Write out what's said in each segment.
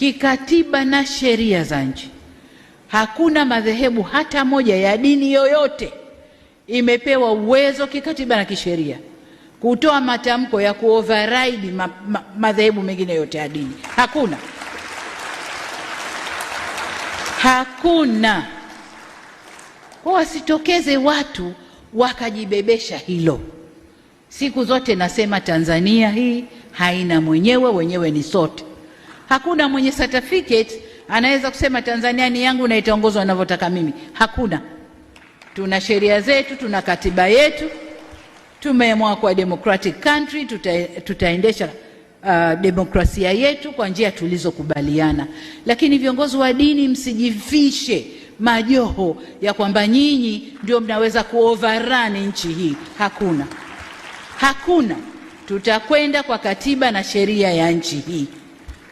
kikatiba na sheria za nchi. Hakuna madhehebu hata moja ya dini yoyote imepewa uwezo kikatiba na kisheria kutoa matamko ya kuoverride ma, ma, madhehebu mengine yote ya dini. Hakuna, hakuna. Kwa wasitokeze watu wakajibebesha hilo. Siku zote nasema Tanzania hii haina mwenyewe, wenyewe ni sote. Hakuna mwenye certificate anaweza kusema Tanzania ni yangu na itaongozwa ninavyotaka mimi. Hakuna. Tuna sheria zetu, tuna katiba yetu, tumeamua kwa democratic country tuta, tutaendesha uh, demokrasia yetu kwa njia tulizokubaliana. Lakini viongozi wa dini, msijifishe majoho ya kwamba nyinyi ndio mnaweza kuoverrun nchi hii. Hakuna, hakuna. Tutakwenda kwa katiba na sheria ya nchi hii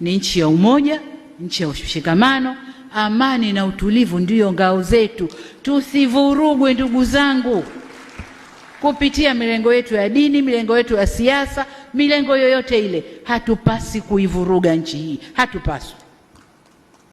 ni nchi ya umoja, nchi ya ushikamano, amani na utulivu ndiyo ngao zetu. Tusivurugwe ndugu zangu, kupitia milengo yetu ya dini, milengo yetu ya siasa, milengo yoyote ile. Hatupasi kuivuruga nchi hii, hatupaswi.